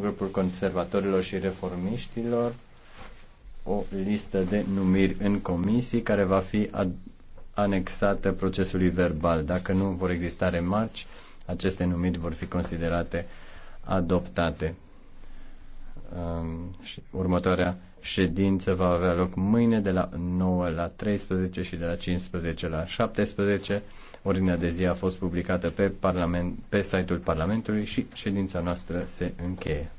grupul conservatorilor și reformiștilor o listă de numiri în comisii care va fi anexată procesului verbal. Dacă nu vor exista remarci, aceste numiri vor fi considerate adoptate. Următoarea ședință va avea loc mâine de la 9 la 13 și de la 15 la 17. Ordinea de zi a fost publicată pe, parlament, pe site-ul Parlamentului și ședința noastră se încheie.